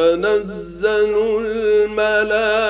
تنزل الملائكة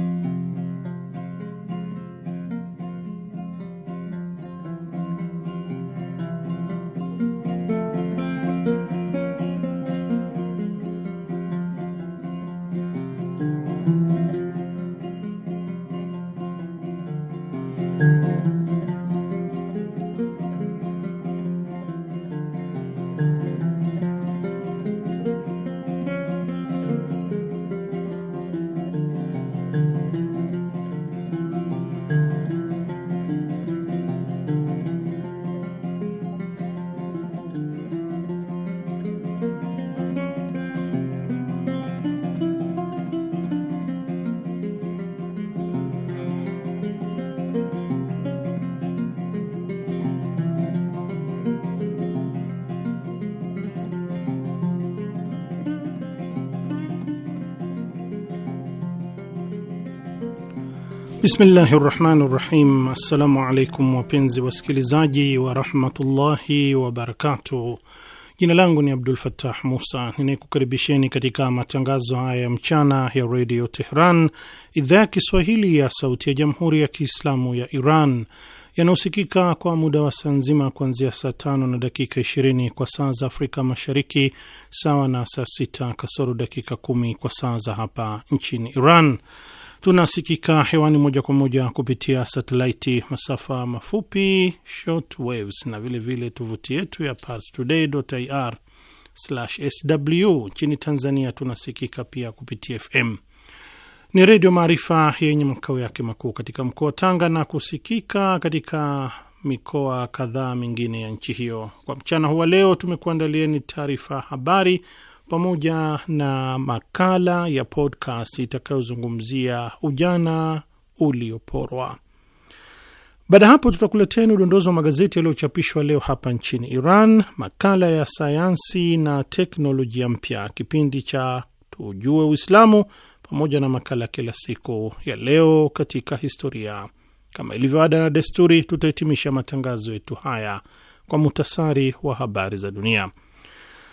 Bismillahi rahmani rahim. Assalamu alaikum wapenzi wasikilizaji warahmatullahi wabarakatuh. Jina langu ni Abdul Fattah Musa ninayekukaribisheni katika matangazo haya ya mchana ya redio Tehran, idhaa ya Kiswahili ya sauti ya jamhuri ya Kiislamu ya Iran yanayosikika kwa muda wa saa nzima kuanzia saa tano na dakika 20 kwa saa za Afrika Mashariki, sawa na saa sita kasoro dakika kumi kwa saa za hapa nchini Iran. Tunasikika hewani moja kwa moja kupitia satelaiti, masafa mafupi short waves, na vilevile tovuti yetu ya parstoday.ir/sw. Nchini Tanzania tunasikika pia kupitia FM ni Redio Maarifa yenye makao yake makuu katika mkoa wa Tanga na kusikika katika mikoa kadhaa mingine ya nchi hiyo. Kwa mchana huwa leo tumekuandalieni taarifa habari pamoja na makala ya podcast itakayozungumzia ujana ulioporwa. Baada ya hapo, tutakuleteni udondozi wa magazeti yaliyochapishwa leo hapa nchini Iran, makala ya sayansi na teknolojia mpya, kipindi cha tujue Uislamu pamoja na makala kila siku ya leo katika historia. Kama ilivyo ada na desturi, tutahitimisha matangazo yetu haya kwa muhtasari wa habari za dunia.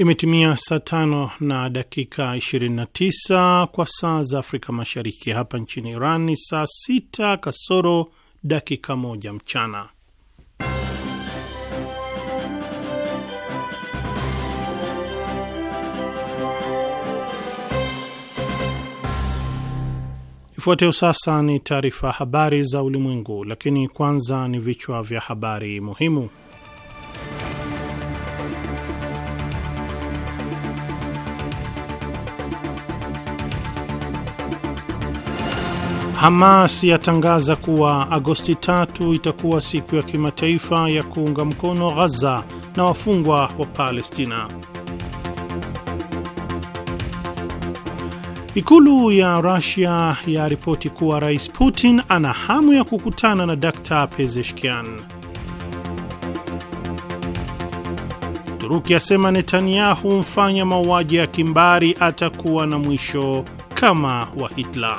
Imetimia saa tano na dakika 29 kwa saa za Afrika Mashariki. Hapa nchini Iran ni saa sita kasoro dakika moja mchana. Ifuatayo sasa ni taarifa habari za ulimwengu, lakini kwanza ni vichwa vya habari muhimu. Hamas yatangaza kuwa Agosti tatu itakuwa siku ya kimataifa ya kuunga mkono Ghaza na wafungwa wa Palestina. Ikulu ya Rusia yaripoti kuwa Rais Putin ana hamu ya kukutana na Dr Pezeshkian. Uturuki asema Netanyahu mfanya mauaji ya kimbari atakuwa na mwisho kama wa Hitler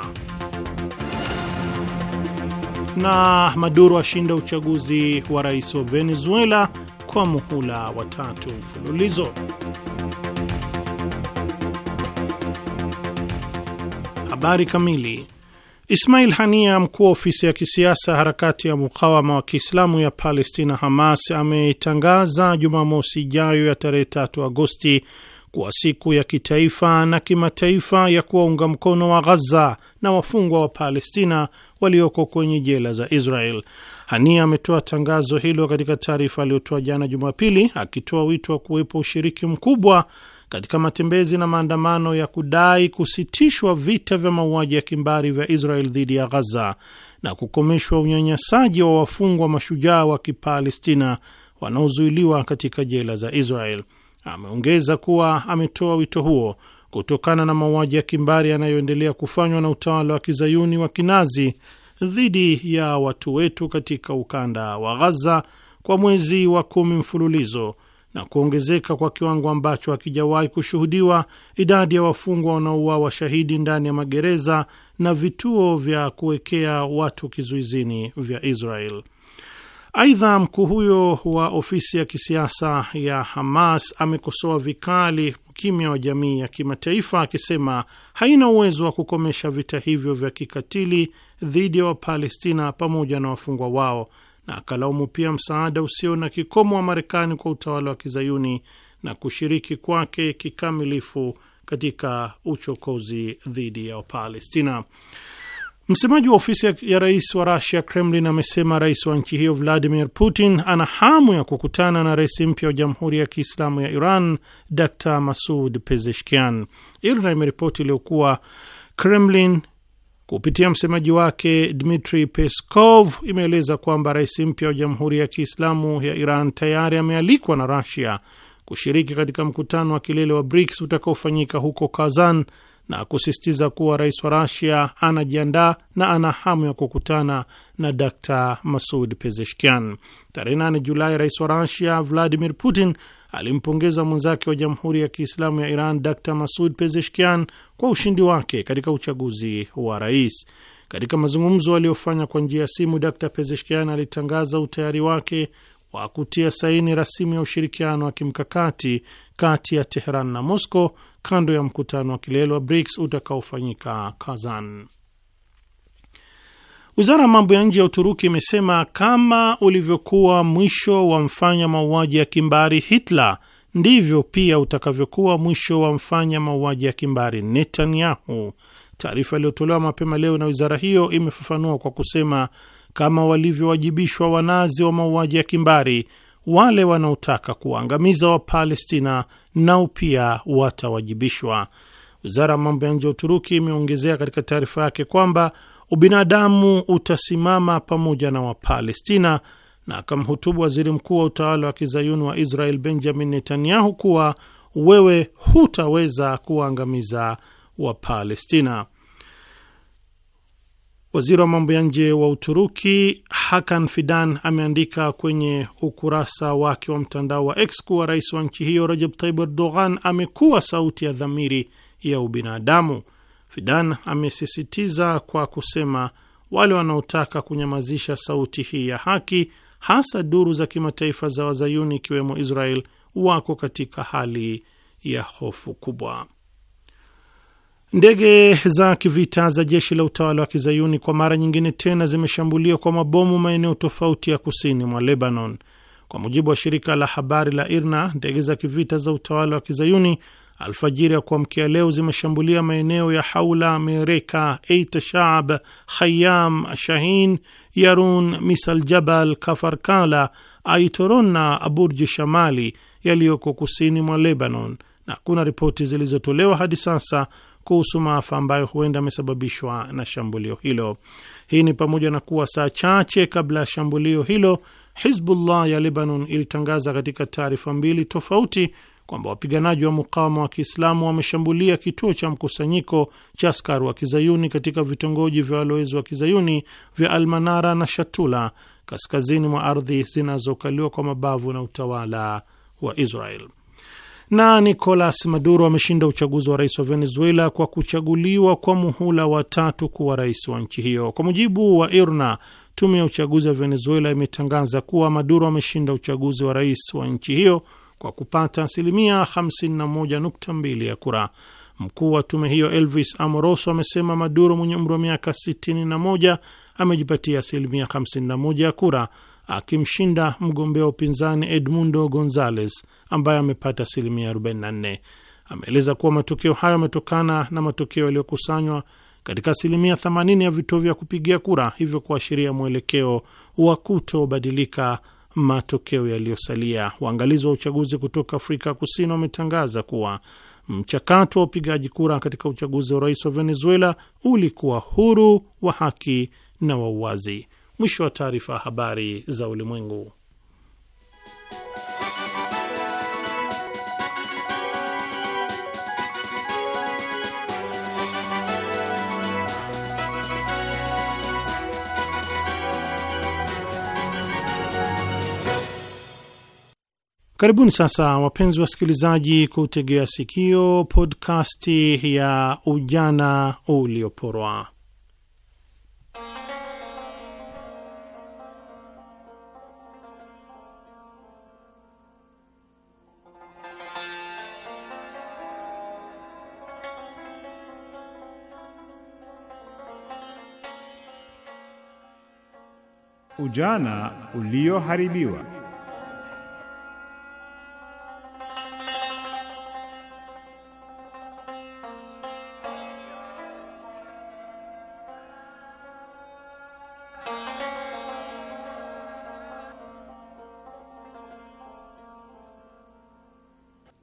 na Maduro ashinda uchaguzi wa rais wa Venezuela kwa muhula wa tatu mfululizo. Habari kamili. Ismail Hania, mkuu wa ofisi ya kisiasa harakati ya mukawama wa Kiislamu ya Palestina, Hamas, ametangaza Jumamosi ijayo ya tarehe 3 Agosti kuwa siku ya kitaifa na kimataifa ya kuwaunga mkono wa Ghaza na wafungwa wa Palestina walioko kwenye jela za Israel. Hania ametoa tangazo hilo katika taarifa aliyotoa jana Jumapili, akitoa wito wa kuwepo ushiriki mkubwa katika matembezi na maandamano ya kudai kusitishwa vita vya mauaji ya kimbari vya Israel dhidi ya Ghaza na kukomeshwa unyanyasaji wa wafungwa mashujaa wa Kipalestina wanaozuiliwa katika jela za Israel. Ameongeza kuwa ametoa wito huo kutokana na mauaji ya kimbari yanayoendelea kufanywa na utawala wa kizayuni wa kinazi dhidi ya watu wetu katika ukanda wa Ghaza kwa mwezi wa kumi mfululizo na kuongezeka kwa kiwango ambacho hakijawahi kushuhudiwa idadi ya wafungwa wanaouawa shahidi ndani ya magereza na vituo vya kuwekea watu kizuizini vya Israel. Aidha, mkuu huyo wa ofisi ya kisiasa ya Hamas amekosoa vikali ukimya wa jamii ya kimataifa, akisema haina uwezo wa kukomesha vita hivyo vya kikatili dhidi ya Wapalestina pamoja na wafungwa wao, na akalaumu pia msaada usio na kikomo wa Marekani kwa utawala wa kizayuni na kushiriki kwake kikamilifu katika uchokozi dhidi ya Wapalestina. Msemaji wa ofisi ya rais wa Rusia, Kremlin, amesema rais wa nchi hiyo Vladimir Putin ana hamu ya kukutana na rais mpya wa Jamhuri ya Kiislamu ya Iran, Dr Masud Pezeshkian. IRNA imeripoti iliyokuwa Kremlin kupitia msemaji wake Dmitri Peskov imeeleza kwamba rais mpya wa Jamhuri ya Kiislamu ya Iran tayari amealikwa na Rusia kushiriki katika mkutano wa kilele wa BRICS utakaofanyika huko Kazan na kusisitiza kuwa rais wa Rasia anajiandaa na ana hamu ya kukutana na Dr Masud Pezeshkian. Tarehe 8 Julai, rais wa Rasia Vladimir Putin alimpongeza mwenzake wa Jamhuri ya Kiislamu ya Iran Dr Masud Pezeshkian kwa ushindi wake katika uchaguzi wa rais. Katika mazungumzo aliyofanya kwa njia ya simu, Dr Pezeshkian alitangaza utayari wake wa kutia saini rasimu ya ushirikiano wa kimkakati kati ya Teheran na Moscow kando ya mkutano wa kilele wa BRICS utakaofanyika Kazan. Wizara ya mambo ya nje ya Uturuki imesema kama ulivyokuwa mwisho wa mfanya mauaji ya kimbari Hitler, ndivyo pia utakavyokuwa mwisho wa mfanya mauaji ya kimbari Netanyahu. Taarifa iliyotolewa mapema leo na wizara hiyo imefafanua kwa kusema, kama walivyowajibishwa wanazi wa mauaji ya kimbari, wale wanaotaka kuwaangamiza Wapalestina nao pia watawajibishwa. Wizara ya mambo ya nje ya Uturuki imeongezea katika taarifa yake kwamba ubinadamu utasimama pamoja na Wapalestina, na akamhutubu waziri mkuu wa utawala wa kizayuni wa Israel Benjamin Netanyahu kuwa wewe hutaweza kuwaangamiza Wapalestina. Waziri wa mambo ya nje wa Uturuki Hakan Fidan ameandika kwenye ukurasa wake wa mtandao wa X kuwa rais wa nchi hiyo Recep Tayyip Erdogan amekuwa sauti ya dhamiri ya ubinadamu. Fidan amesisitiza kwa kusema wale wanaotaka kunyamazisha sauti hii ya haki, hasa duru za kimataifa za Wazayuni ikiwemo Israel, wako katika hali ya hofu kubwa. Ndege za kivita za jeshi la utawala wa kizayuni kwa mara nyingine tena zimeshambulia kwa mabomu maeneo tofauti ya kusini mwa Lebanon. Kwa mujibu wa shirika la habari la IRNA, ndege za kivita za utawala wa kizayuni alfajiri ya kuamkia leo zimeshambulia maeneo ya Haula, Mereka, Eit Shaab, Khayam, Shahin, Yarun, Misal Jabal, Kafarkala, Aitoron na Aburji Shamali yaliyoko kusini mwa Lebanon, na hakuna ripoti zilizotolewa hadi sasa kuhusu maafa ambayo huenda amesababishwa na shambulio hilo. Hii ni pamoja na kuwa saa chache kabla ya shambulio hilo Hizbullah ya Lebanon ilitangaza katika taarifa mbili tofauti kwamba wapiganaji wa mukawama wa Kiislamu wameshambulia kituo cha mkusanyiko cha askari wa kizayuni katika vitongoji vya walowezi wa kizayuni vya Almanara na Shatula kaskazini mwa ardhi zinazokaliwa kwa mabavu na utawala wa Israel na Nicolas Maduro ameshinda uchaguzi wa rais wa Venezuela kwa kuchaguliwa kwa muhula wa tatu kuwa rais wa nchi hiyo. Kwa mujibu wa IRNA, tume ya uchaguzi wa Venezuela imetangaza kuwa Maduro ameshinda uchaguzi wa rais wa nchi hiyo kwa kupata asilimia 51.2 ya kura. Mkuu wa tume hiyo Elvis Amoroso amesema Maduro mwenye umri wa miaka 61 amejipatia asilimia 51 ya kura akimshinda mgombea wa upinzani Edmundo gonzales ambaye amepata asilimia 44. Ameeleza kuwa matokeo hayo yametokana na matokeo yaliyokusanywa katika asilimia 80 ya vituo vya kupigia kura, hivyo kuashiria mwelekeo wa kutobadilika matokeo yaliyosalia. Waangalizi wa uchaguzi kutoka Afrika Kusini wametangaza kuwa mchakato wa upigaji kura katika uchaguzi wa rais wa Venezuela ulikuwa huru, wa haki na wa uwazi. Mwisho wa taarifa. Habari za Ulimwengu. Karibuni sasa wapenzi wasikilizaji, kutegea sikio podkasti ya ujana ulioporwa. Ujana ulioharibiwa.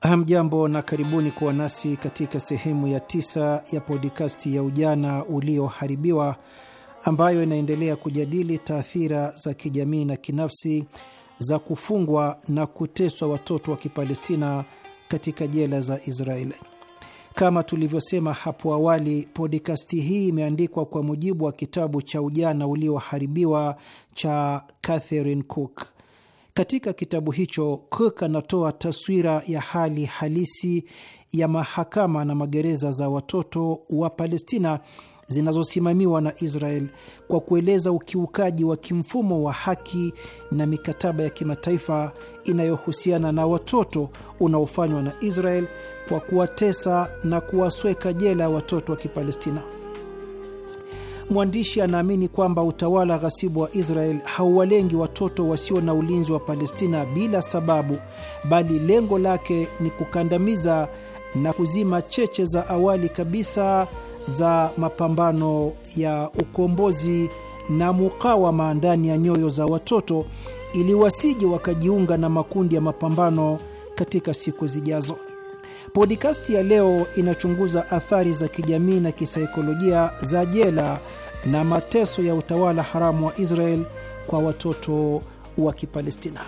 Hamjambo na karibuni kuwa nasi katika sehemu ya tisa ya podikasti ya Ujana Ulioharibiwa, ambayo inaendelea kujadili taathira za kijamii na kinafsi za kufungwa na kuteswa watoto wa Kipalestina katika jela za Israeli. Kama tulivyosema hapo awali, podikasti hii imeandikwa kwa mujibu wa kitabu cha Ujana Ulioharibiwa cha Catherine Cook. Katika kitabu hicho Cook anatoa taswira ya hali halisi ya mahakama na magereza za watoto wa Palestina zinazosimamiwa na Israel kwa kueleza ukiukaji wa kimfumo wa haki na mikataba ya kimataifa inayohusiana na watoto unaofanywa na Israel kwa kuwatesa na kuwasweka jela watoto wa Kipalestina mwandishi anaamini kwamba utawala ghasibu wa Israel hauwalengi watoto wasio na ulinzi wa Palestina bila sababu, bali lengo lake ni kukandamiza na kuzima cheche za awali kabisa za mapambano ya ukombozi na mukawama ndani ya nyoyo za watoto ili wasije wakajiunga na makundi ya mapambano katika siku zijazo. Podikasti ya leo inachunguza athari za kijamii na kisaikolojia za jela na mateso ya utawala haramu wa Israel kwa watoto wa Kipalestina.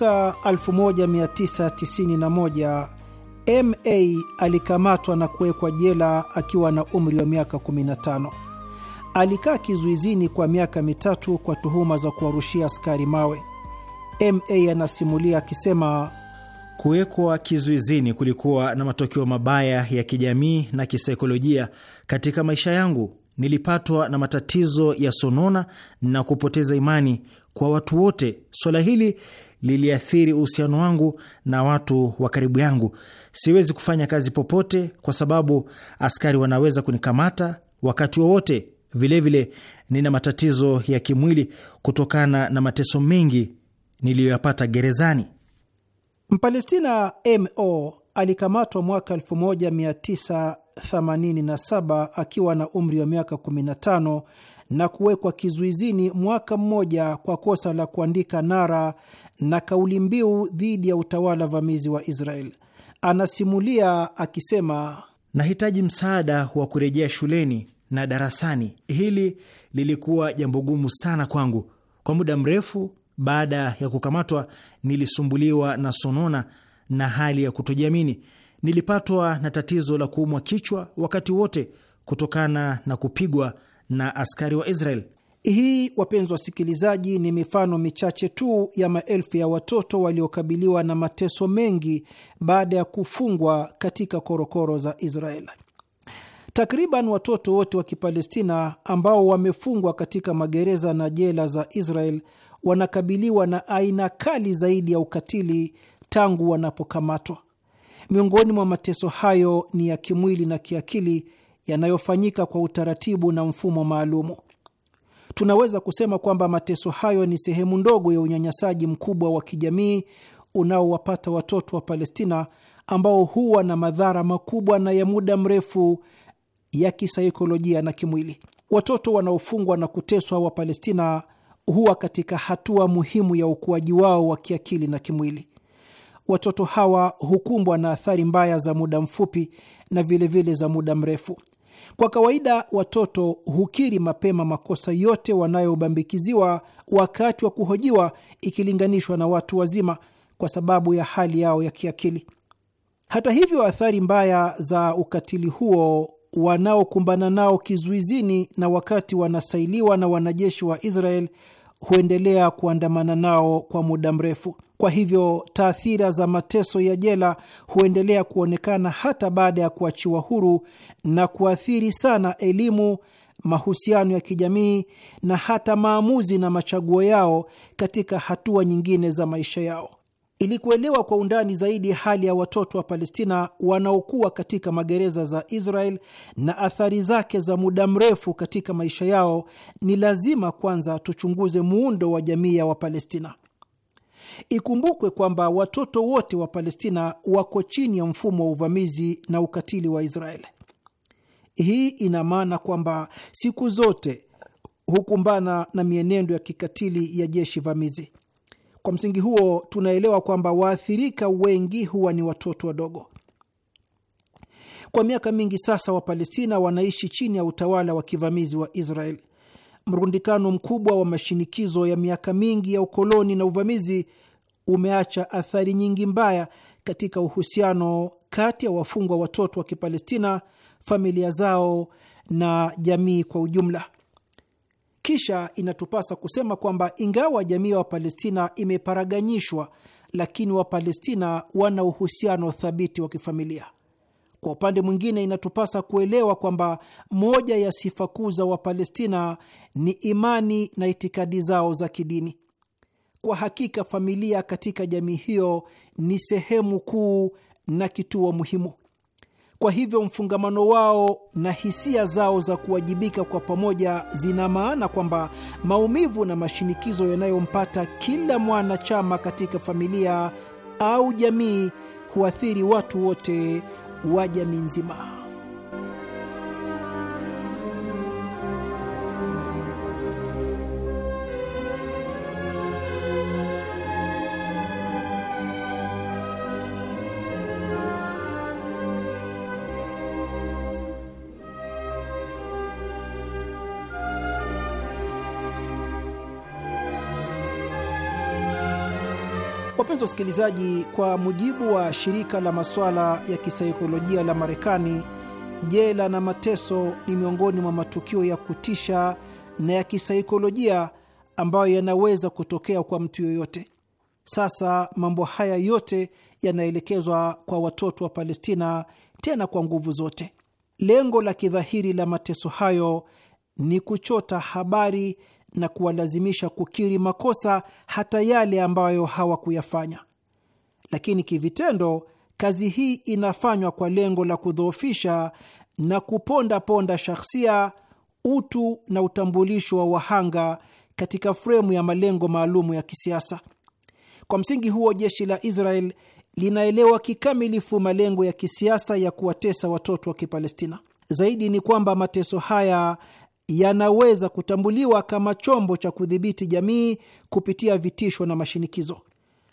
mwaka 1991 Ma alikamatwa na kuwekwa jela akiwa na umri wa miaka 15. Alikaa kizuizini kwa miaka mitatu kwa tuhuma za kuwarushia askari mawe. Ma anasimulia akisema, kuwekwa kizuizini kulikuwa na matokeo mabaya ya kijamii na kisaikolojia katika maisha yangu. Nilipatwa na matatizo ya sonona na kupoteza imani kwa watu wote. Swala hili liliathiri uhusiano wangu na watu wa karibu yangu. Siwezi kufanya kazi popote kwa sababu askari wanaweza kunikamata wakati wowote. Vilevile nina matatizo ya kimwili kutokana na mateso mengi niliyoyapata gerezani. Mpalestina mo alikamatwa mwaka 1987 akiwa na umri wa miaka 15 na kuwekwa kizuizini mwaka mmoja kwa kosa la kuandika nara na kauli mbiu dhidi ya utawala vamizi wa Israel. Anasimulia akisema, nahitaji msaada wa kurejea shuleni na darasani. Hili lilikuwa jambo gumu sana kwangu. Kwa muda mrefu baada ya kukamatwa, nilisumbuliwa na sonona na hali ya kutojiamini. Nilipatwa na tatizo la kuumwa kichwa wakati wote kutokana na kupigwa na askari wa Israel. Hii wapenzi wasikilizaji, ni mifano michache tu ya maelfu ya watoto waliokabiliwa na mateso mengi baada ya kufungwa katika korokoro za israel Takriban watoto wote wa Kipalestina ambao wamefungwa katika magereza na jela za Israel wanakabiliwa na aina kali zaidi ya ukatili tangu wanapokamatwa. Miongoni mwa mateso hayo ni ya kimwili na kiakili yanayofanyika kwa utaratibu na mfumo maalumu tunaweza kusema kwamba mateso hayo ni sehemu ndogo ya unyanyasaji mkubwa wa kijamii unaowapata watoto wa Palestina ambao huwa na madhara makubwa na ya muda mrefu ya kisaikolojia na kimwili. Watoto wanaofungwa na kuteswa wa Palestina huwa katika hatua muhimu ya ukuaji wao wa kiakili na kimwili. Watoto hawa hukumbwa na athari mbaya za muda mfupi na vilevile vile za muda mrefu. Kwa kawaida watoto hukiri mapema makosa yote wanayobambikiziwa wakati wa kuhojiwa ikilinganishwa na watu wazima kwa sababu ya hali yao ya kiakili. Hata hivyo, athari mbaya za ukatili huo wanaokumbana nao kizuizini na wakati wanasailiwa na wanajeshi wa Israel huendelea kuandamana nao kwa muda mrefu. Kwa hivyo taathira za mateso ya jela huendelea kuonekana hata baada ya kuachiwa huru na kuathiri sana elimu, mahusiano ya kijamii na hata maamuzi na machaguo yao katika hatua nyingine za maisha yao. Ili kuelewa kwa undani zaidi hali ya watoto wa Palestina wanaokuwa katika magereza za Israel na athari zake za muda mrefu katika maisha yao, ni lazima kwanza tuchunguze muundo wa jamii ya Wapalestina. Ikumbukwe kwamba watoto wote wa Palestina wako chini ya mfumo wa uvamizi na ukatili wa israel Hii ina maana kwamba siku zote hukumbana na mienendo ya kikatili ya jeshi vamizi. Kwa msingi huo, tunaelewa kwamba waathirika wengi huwa ni watoto wadogo. Kwa miaka mingi sasa, Wapalestina wanaishi chini ya utawala wa kivamizi wa israel Mrundikano mkubwa wa mashinikizo ya miaka mingi ya ukoloni na uvamizi umeacha athari nyingi mbaya katika uhusiano kati ya wafungwa watoto wa Kipalestina, familia zao na jamii kwa ujumla. Kisha inatupasa kusema kwamba ingawa jamii ya Wapalestina imeparaganyishwa, lakini Wapalestina wana uhusiano thabiti wa kifamilia. Kwa upande mwingine, inatupasa kuelewa kwamba moja ya sifa kuu za Wapalestina ni imani na itikadi zao za kidini. Kwa hakika familia katika jamii hiyo ni sehemu kuu na kituo muhimu. Kwa hivyo mfungamano wao na hisia zao za kuwajibika kwa pamoja zina maana kwamba maumivu na mashinikizo yanayompata kila mwanachama katika familia au jamii huathiri watu wote wa jamii nzima. Wapenzi wasikilizaji, kwa mujibu wa shirika la masuala ya kisaikolojia la Marekani, jela na mateso ni miongoni mwa matukio ya kutisha na ya kisaikolojia ambayo yanaweza kutokea kwa mtu yoyote. Sasa mambo haya yote yanaelekezwa kwa watoto wa Palestina, tena kwa nguvu zote. Lengo la kidhahiri la mateso hayo ni kuchota habari na kuwalazimisha kukiri makosa hata yale ambayo hawakuyafanya. Lakini kivitendo, kazi hii inafanywa kwa lengo la kudhoofisha na kuponda ponda shahsia, utu na utambulisho wa wahanga katika fremu ya malengo maalumu ya kisiasa. Kwa msingi huo, jeshi la Israel linaelewa kikamilifu malengo ya kisiasa ya kuwatesa watoto wa Kipalestina. Zaidi ni kwamba mateso haya yanaweza kutambuliwa kama chombo cha kudhibiti jamii kupitia vitisho na mashinikizo,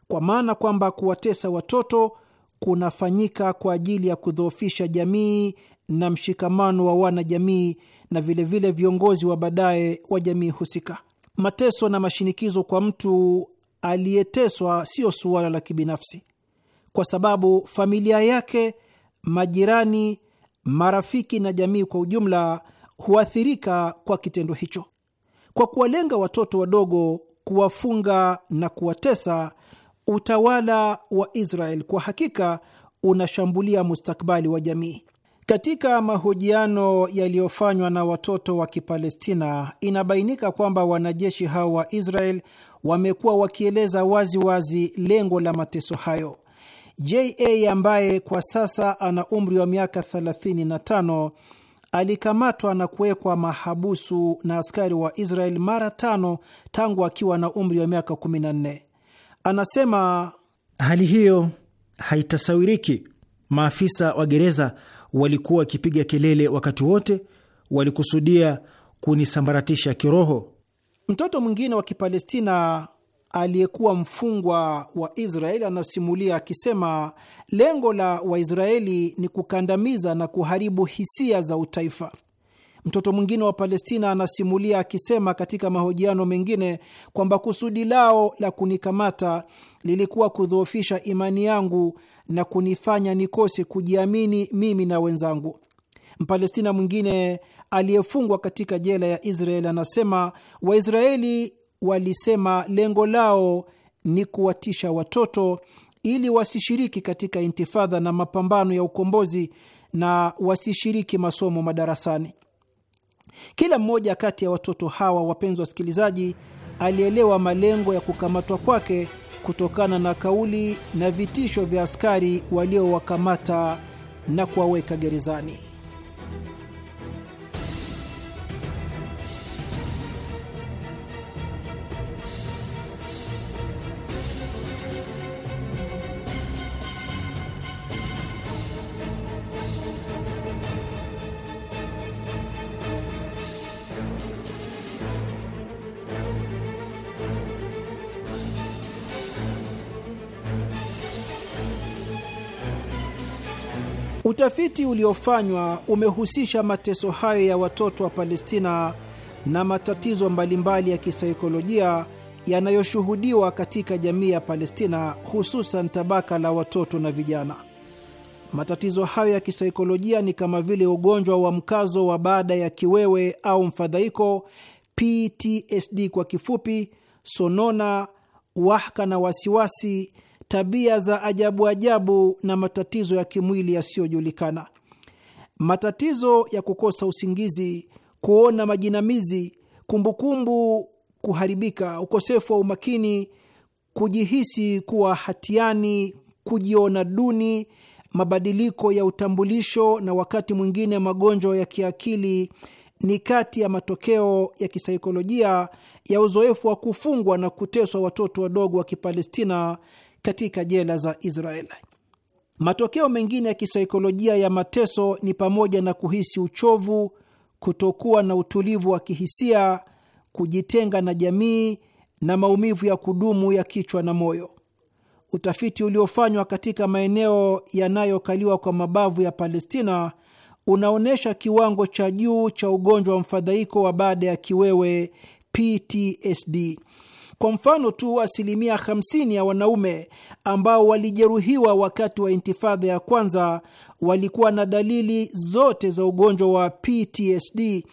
kwa maana kwamba kuwatesa watoto kunafanyika kwa ajili ya kudhoofisha jamii na mshikamano wa wanajamii na vilevile vile viongozi wa baadaye wa jamii husika. Mateso na mashinikizo kwa mtu aliyeteswa sio suala la kibinafsi, kwa sababu familia yake, majirani, marafiki na jamii kwa ujumla huathirika kwa kitendo hicho. Kwa kuwalenga watoto wadogo, kuwafunga na kuwatesa, utawala wa Israel kwa hakika unashambulia mustakbali wa jamii. Katika mahojiano yaliyofanywa na watoto wa Kipalestina, inabainika kwamba wanajeshi hao wa Israel wamekuwa wakieleza wazi wazi lengo la mateso hayo. JA ambaye kwa sasa ana umri wa miaka 35 alikamatwa na kuwekwa mahabusu na askari wa Israel mara tano tangu akiwa na umri wa miaka 14. Anasema hali hiyo haitasawiriki. Maafisa wa gereza walikuwa wakipiga kelele wakati wote, walikusudia kunisambaratisha kiroho. Mtoto mwingine wa Kipalestina aliyekuwa mfungwa wa Israeli anasimulia akisema, lengo la Waisraeli ni kukandamiza na kuharibu hisia za utaifa. Mtoto mwingine wa Palestina anasimulia akisema katika mahojiano mengine kwamba kusudi lao la kunikamata lilikuwa kudhoofisha imani yangu na kunifanya nikose kujiamini mimi na wenzangu. Mpalestina mwingine aliyefungwa katika jela ya Israeli anasema Waisraeli walisema lengo lao ni kuwatisha watoto ili wasishiriki katika intifadha na mapambano ya ukombozi na wasishiriki masomo madarasani. Kila mmoja kati ya watoto hawa, wapenzi wasikilizaji, alielewa malengo ya kukamatwa kwake kutokana na kauli na vitisho vya askari waliowakamata na kuwaweka gerezani. Utafiti uliofanywa umehusisha mateso hayo ya watoto wa Palestina na matatizo mbalimbali ya kisaikolojia yanayoshuhudiwa katika jamii ya Palestina, hususan tabaka la watoto na vijana. Matatizo hayo ya kisaikolojia ni kama vile ugonjwa wa mkazo wa baada ya kiwewe au mfadhaiko, PTSD kwa kifupi, sonona, wahaka na wasiwasi tabia za ajabu ajabu na matatizo ya kimwili yasiyojulikana. Matatizo ya kukosa usingizi, kuona majinamizi, kumbukumbu kuharibika, ukosefu wa umakini, kujihisi kuwa hatiani, kujiona duni, mabadiliko ya utambulisho na wakati mwingine magonjwa ya kiakili ni kati ya matokeo ya kisaikolojia ya uzoefu wa kufungwa na kuteswa watoto wadogo wa Kipalestina katika jela za israel Matokeo mengine ya kisaikolojia ya mateso ni pamoja na kuhisi uchovu, kutokuwa na utulivu wa kihisia, kujitenga na jamii na maumivu ya kudumu ya kichwa na moyo. Utafiti uliofanywa katika maeneo yanayokaliwa kwa mabavu ya Palestina unaonyesha kiwango cha juu cha ugonjwa wa mfadhaiko wa baada ya kiwewe PTSD. Kwa mfano tu, asilimia 50 ya wanaume ambao walijeruhiwa wakati wa intifadha ya kwanza walikuwa na dalili zote za ugonjwa wa PTSD.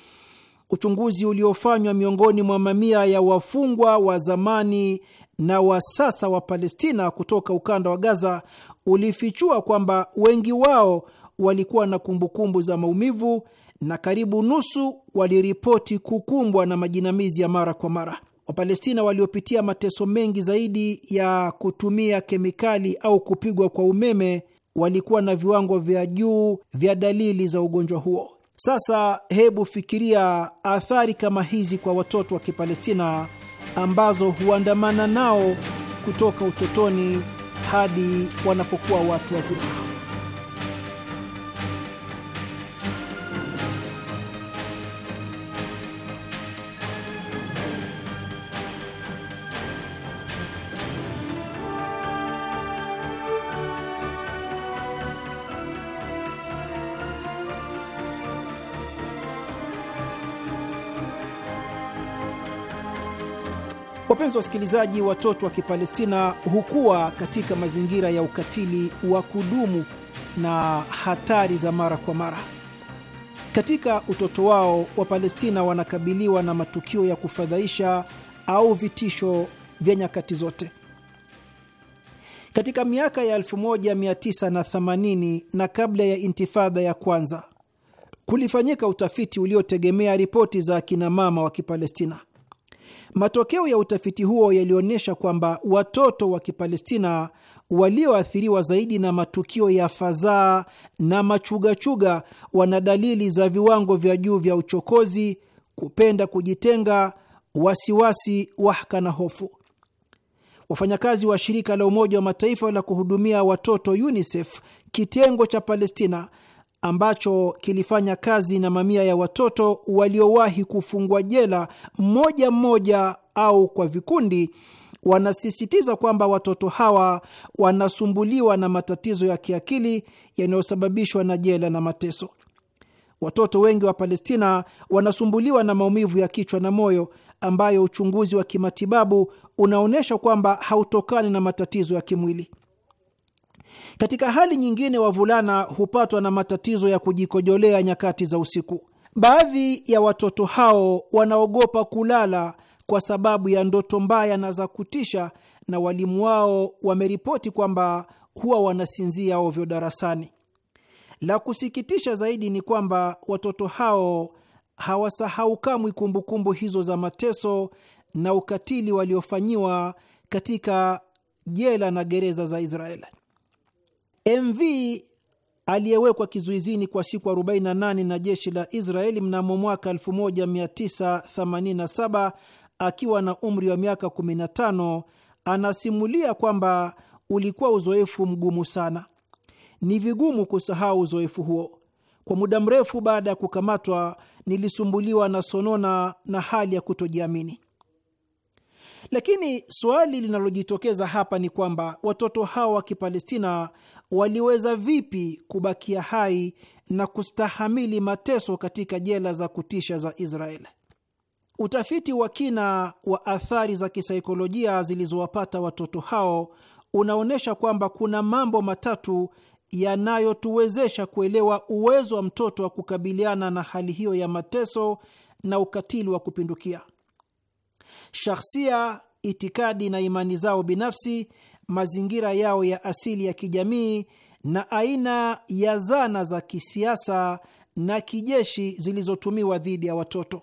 Uchunguzi uliofanywa miongoni mwa mamia ya wafungwa wa zamani na wa sasa wa Palestina kutoka ukanda wa Gaza ulifichua kwamba wengi wao walikuwa na kumbukumbu za maumivu na karibu nusu waliripoti kukumbwa na majinamizi ya mara kwa mara. Wapalestina waliopitia mateso mengi zaidi ya kutumia kemikali au kupigwa kwa umeme walikuwa na viwango vya juu vya dalili za ugonjwa huo. Sasa hebu fikiria athari kama hizi kwa watoto wa Kipalestina ambazo huandamana nao kutoka utotoni hadi wanapokuwa watu wazima. Wapenzi wasikilizaji, watoto wa Kipalestina hukuwa katika mazingira ya ukatili wa kudumu na hatari za mara kwa mara. Katika utoto wao, Wapalestina wanakabiliwa na matukio ya kufadhaisha au vitisho vya nyakati zote. Katika miaka ya 1980 na kabla ya intifadha ya kwanza, kulifanyika utafiti uliotegemea ripoti za akinamama wa Kipalestina. Matokeo ya utafiti huo yalionyesha kwamba watoto wa Kipalestina walioathiriwa zaidi na matukio ya fadhaa na machugachuga wana dalili za viwango vya juu vya uchokozi, kupenda kujitenga, wasiwasi, wahaka na hofu. Wafanyakazi wa shirika la Umoja wa Mataifa la kuhudumia watoto UNICEF kitengo cha Palestina ambacho kilifanya kazi na mamia ya watoto waliowahi kufungwa jela mmoja mmoja au kwa vikundi, wanasisitiza kwamba watoto hawa wanasumbuliwa na matatizo ya kiakili yanayosababishwa na jela na mateso. Watoto wengi wa Palestina wanasumbuliwa na maumivu ya kichwa na moyo ambayo uchunguzi wa kimatibabu unaonyesha kwamba hautokani na matatizo ya kimwili. Katika hali nyingine, wavulana hupatwa na matatizo ya kujikojolea nyakati za usiku. Baadhi ya watoto hao wanaogopa kulala kwa sababu ya ndoto mbaya na za kutisha, na walimu wao wameripoti kwamba huwa wanasinzia ovyo darasani. La kusikitisha zaidi ni kwamba watoto hao hawasahau kamwe kumbukumbu hizo za mateso na ukatili waliofanyiwa katika jela na gereza za Israeli. MV aliyewekwa kizuizini kwa siku 48 na jeshi la Israeli mnamo mwaka 1987 akiwa na umri wa miaka 15, anasimulia kwamba ulikuwa uzoefu mgumu sana. Ni vigumu kusahau uzoefu huo. Kwa muda mrefu baada ya kukamatwa, nilisumbuliwa na sonona na hali ya kutojiamini. Lakini suali linalojitokeza hapa ni kwamba watoto hawa wa Kipalestina waliweza vipi kubakia hai na kustahamili mateso katika jela za kutisha za israel Utafiti wa kina wa athari za kisaikolojia zilizowapata watoto hao unaonyesha kwamba kuna mambo matatu yanayotuwezesha kuelewa uwezo wa mtoto wa kukabiliana na hali hiyo ya mateso na ukatili wa kupindukia shakhsia, itikadi na imani zao binafsi, mazingira yao ya asili ya kijamii na aina ya zana za kisiasa na kijeshi zilizotumiwa dhidi ya watoto.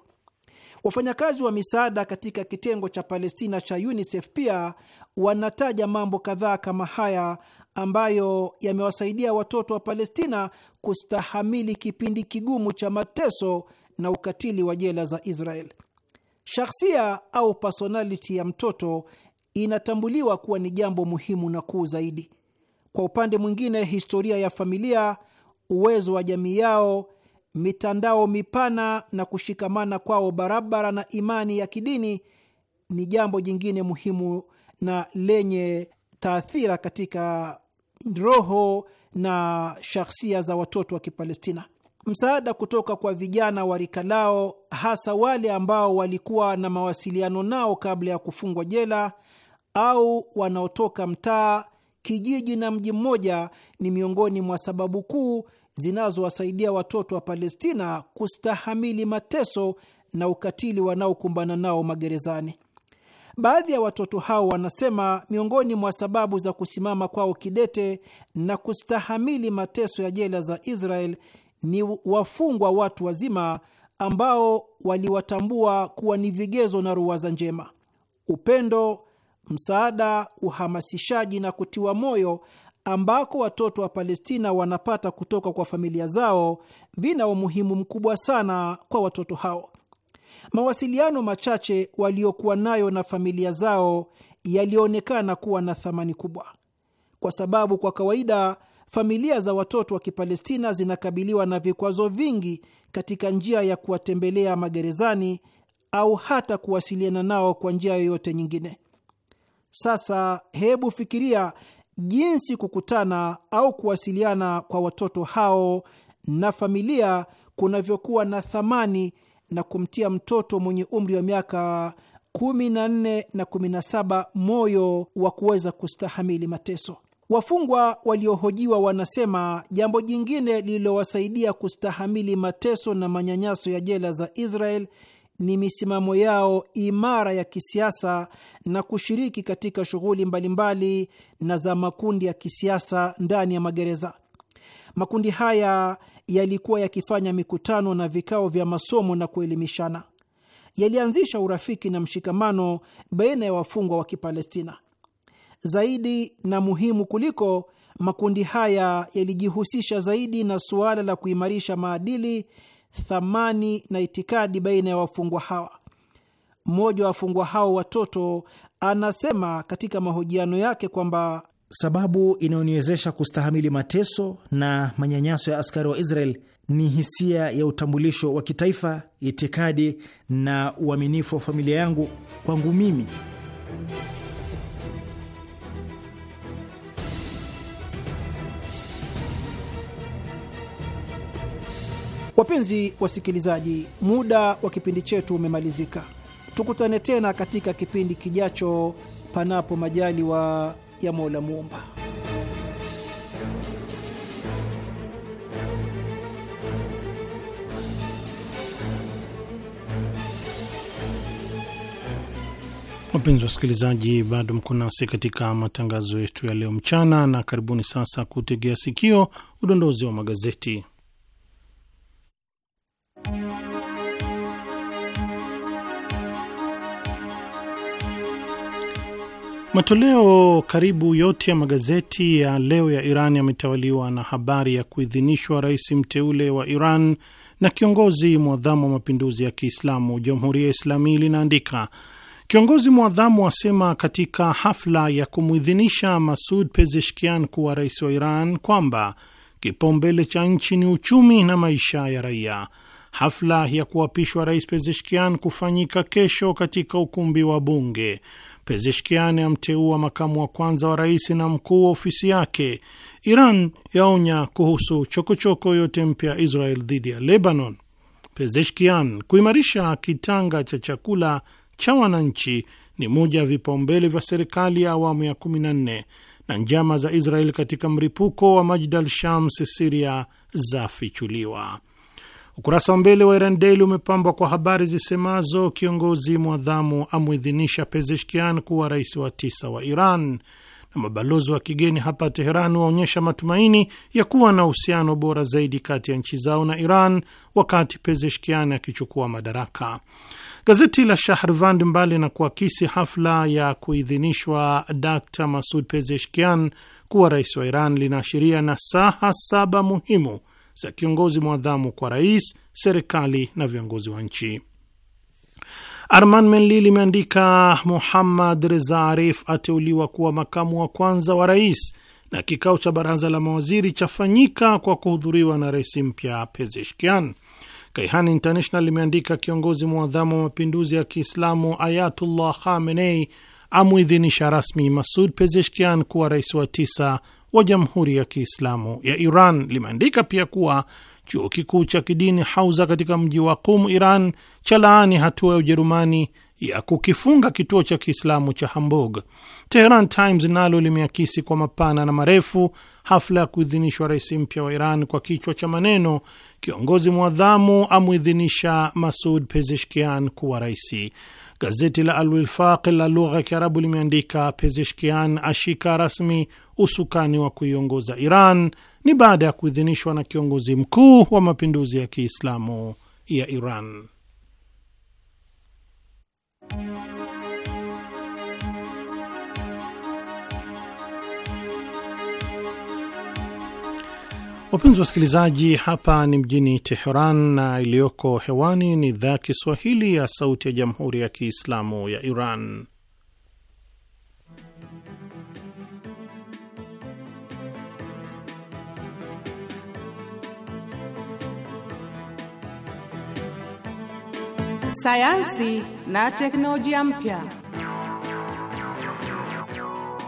Wafanyakazi wa misaada katika kitengo cha Palestina cha UNICEF pia wanataja mambo kadhaa kama haya ambayo yamewasaidia watoto wa Palestina kustahamili kipindi kigumu cha mateso na ukatili wa jela za Israel. Shakhsia au personality ya mtoto inatambuliwa kuwa ni jambo muhimu na kuu zaidi. Kwa upande mwingine, historia ya familia, uwezo wa jamii yao, mitandao mipana na kushikamana kwao barabara na imani ya kidini ni jambo jingine muhimu na lenye taathira katika roho na shakhsia za watoto wa Kipalestina msaada kutoka kwa vijana wa rika lao, hasa wale ambao walikuwa na mawasiliano nao kabla ya kufungwa jela au wanaotoka mtaa, kijiji na mji mmoja, ni miongoni mwa sababu kuu zinazowasaidia watoto wa Palestina kustahamili mateso na ukatili wanaokumbana nao magerezani. Baadhi ya watoto hao wanasema miongoni mwa sababu za kusimama kwao kidete na kustahamili mateso ya jela za Israel ni wafungwa watu wazima ambao waliwatambua kuwa ni vigezo na ruwaza njema, upendo, msaada, uhamasishaji na kutiwa moyo ambako watoto wa Palestina wanapata kutoka kwa familia zao vina umuhimu mkubwa sana kwa watoto hao. Mawasiliano machache waliokuwa nayo na familia zao yalionekana kuwa na thamani kubwa, kwa sababu kwa kawaida familia za watoto wa Kipalestina zinakabiliwa na vikwazo vingi katika njia ya kuwatembelea magerezani au hata kuwasiliana nao kwa njia yoyote nyingine. Sasa hebu fikiria jinsi kukutana au kuwasiliana kwa watoto hao na familia kunavyokuwa na thamani na kumtia mtoto mwenye umri wa miaka kumi na nne na kumi moyo wa kuweza kustahamili mateso. Wafungwa waliohojiwa wanasema jambo jingine lililowasaidia kustahamili mateso na manyanyaso ya jela za Israel ni misimamo yao imara ya kisiasa na kushiriki katika shughuli mbalimbali na za makundi ya kisiasa ndani ya magereza. Makundi haya yalikuwa yakifanya mikutano na vikao vya masomo na kuelimishana. Yalianzisha urafiki na mshikamano baina ya wafungwa wa Kipalestina. Zaidi na muhimu kuliko, makundi haya yalijihusisha zaidi na suala la kuimarisha maadili, thamani na itikadi baina ya wafungwa hawa. Mmoja wa wafungwa hao watoto anasema katika mahojiano yake kwamba sababu inayoniwezesha kustahamili mateso na manyanyaso ya askari wa Israel ni hisia ya utambulisho wa kitaifa, itikadi na uaminifu wa familia yangu kwangu mimi. Wapenzi wasikilizaji, muda wa kipindi chetu umemalizika. Tukutane tena katika kipindi kijacho, panapo majaliwa ya Mola Muumba. Wapenzi wasikilizaji, bado mko nasi katika matangazo yetu ya leo mchana, na karibuni sasa kutegea sikio udondozi wa magazeti. Matoleo karibu yote ya magazeti ya leo ya Iran yametawaliwa na habari ya kuidhinishwa rais mteule wa Iran na kiongozi mwadhamu wa mapinduzi ya Kiislamu. jamhuria ya Islami linaandika kiongozi mwadhamu asema katika hafla ya kumwidhinisha Masud Pezeshkian kuwa rais wa Iran kwamba kipaumbele cha nchi ni uchumi na maisha ya raia. Hafla ya kuapishwa rais Pezeshkian kufanyika kesho katika ukumbi wa bunge Pezeshkian amteua makamu wa kwanza wa rais na mkuu wa ofisi yake. Iran yaonya kuhusu chokochoko yote mpya Israel dhidi ya Lebanon. Pezeshkian, kuimarisha kitanga cha chakula cha wananchi ni moja ya vipaumbele vya serikali ya awamu ya 14 na njama za Israel katika mripuko wa Majdal Shams Siria zafichuliwa. Ukurasa wa mbele wa Iran Daily umepambwa kwa habari zisemazo kiongozi mwadhamu amwidhinisha Pezeshkian kuwa rais wa tisa wa Iran, na mabalozi wa kigeni hapa Teheran waonyesha matumaini ya kuwa na uhusiano bora zaidi kati ya nchi zao na Iran wakati Pezeshkian akichukua madaraka. Gazeti la Shahrvand, mbali na kuakisi hafla ya kuidhinishwa d Masud Pezeshkian kuwa rais wa Iran, linaashiria na saha saba muhimu za kiongozi mwadhamu kwa rais, serikali na viongozi wa nchi. Arman Menli limeandika Muhammad Reza Arif ateuliwa kuwa makamu wa kwanza wa rais na kikao cha baraza la mawaziri chafanyika kwa kuhudhuriwa na rais mpya Pezeshkian. Kaihan International limeandika kiongozi mwadhamu wa mapinduzi ya Kiislamu Ayatullah Khamenei amwidhinisha rasmi Masud Pezeshkian kuwa rais wa tisa wa Jamhuri ya Kiislamu ya Iran limeandika pia kuwa chuo kikuu cha kidini Hauza katika mji wa Qum, Iran, cha laani hatua ya Ujerumani ya kukifunga kituo cha Kiislamu cha Hamburg. Teheran Times nalo limeakisi kwa mapana na marefu hafla ya kuidhinishwa rais mpya wa Iran kwa kichwa cha maneno kiongozi mwadhamu amwidhinisha Masud Pezeshkian kuwa raisi. Gazeti la Alwifaq la lugha ya Kiarabu limeandika Pezeshkian ashika rasmi usukani wa kuiongoza Iran ni baada ya kuidhinishwa na kiongozi mkuu wa mapinduzi ya Kiislamu ya Iran. Wapenzi wasikilizaji, hapa ni mjini Teheran na iliyoko hewani ni idhaa Kiswahili ya Sauti ya Jamhuri ya Kiislamu ya Iran. Sayansi na teknolojia mpya.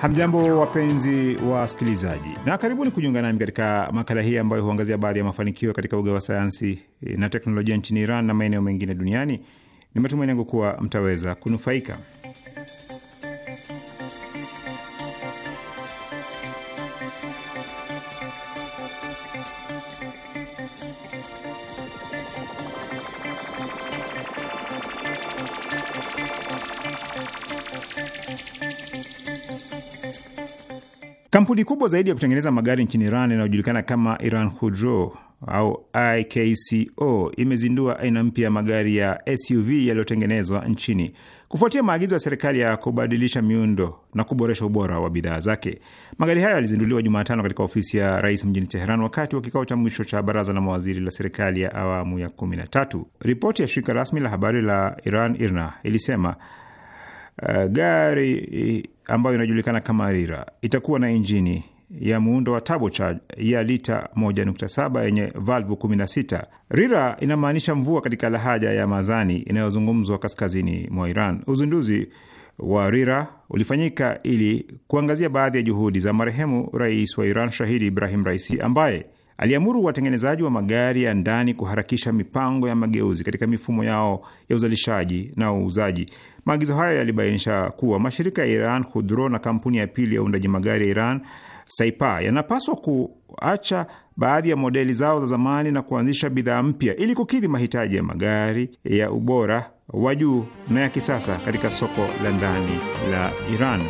Hamjambo, wapenzi wa wasikilizaji, na karibuni kujiunga nami katika makala hii ambayo huangazia baadhi ya mafanikio katika uga wa sayansi eh, na teknolojia nchini Iran na maeneo mengine duniani. Ni matumaini yangu kuwa mtaweza kunufaika. Kampuni kubwa zaidi ya kutengeneza magari nchini Iran inayojulikana kama Iran Khudro au IKCO imezindua aina mpya ya magari ya SUV yaliyotengenezwa nchini kufuatia maagizo ya serikali ya kubadilisha miundo na kuboresha ubora wa bidhaa zake. Magari hayo yalizinduliwa Jumatano katika ofisi ya rais mjini Teheran wakati wa kikao cha mwisho cha baraza la mawaziri la serikali ya awamu ya kumi na tatu. Ripoti ya shirika rasmi la habari la Iran IRNA ilisema uh, gari ambayo inajulikana kama Rira itakuwa na injini ya muundo wa turbocharge ya lita 1.7 yenye valvu 16. Rira inamaanisha mvua katika lahaja ya Mazani inayozungumzwa kaskazini mwa Iran. Uzinduzi wa Rira ulifanyika ili kuangazia baadhi ya juhudi za marehemu rais wa Iran shahidi Ibrahim Raisi ambaye Aliamuru watengenezaji wa magari ya ndani kuharakisha mipango ya mageuzi katika mifumo yao ya uzalishaji na uuzaji. Maagizo hayo yalibainisha kuwa mashirika ya Iran Khudro na kampuni ya pili ya uundaji magari ya Iran Saipa yanapaswa kuacha baadhi ya modeli zao za zamani na kuanzisha bidhaa mpya ili kukidhi mahitaji ya magari ya ubora wa juu na ya kisasa katika soko la ndani la Iran.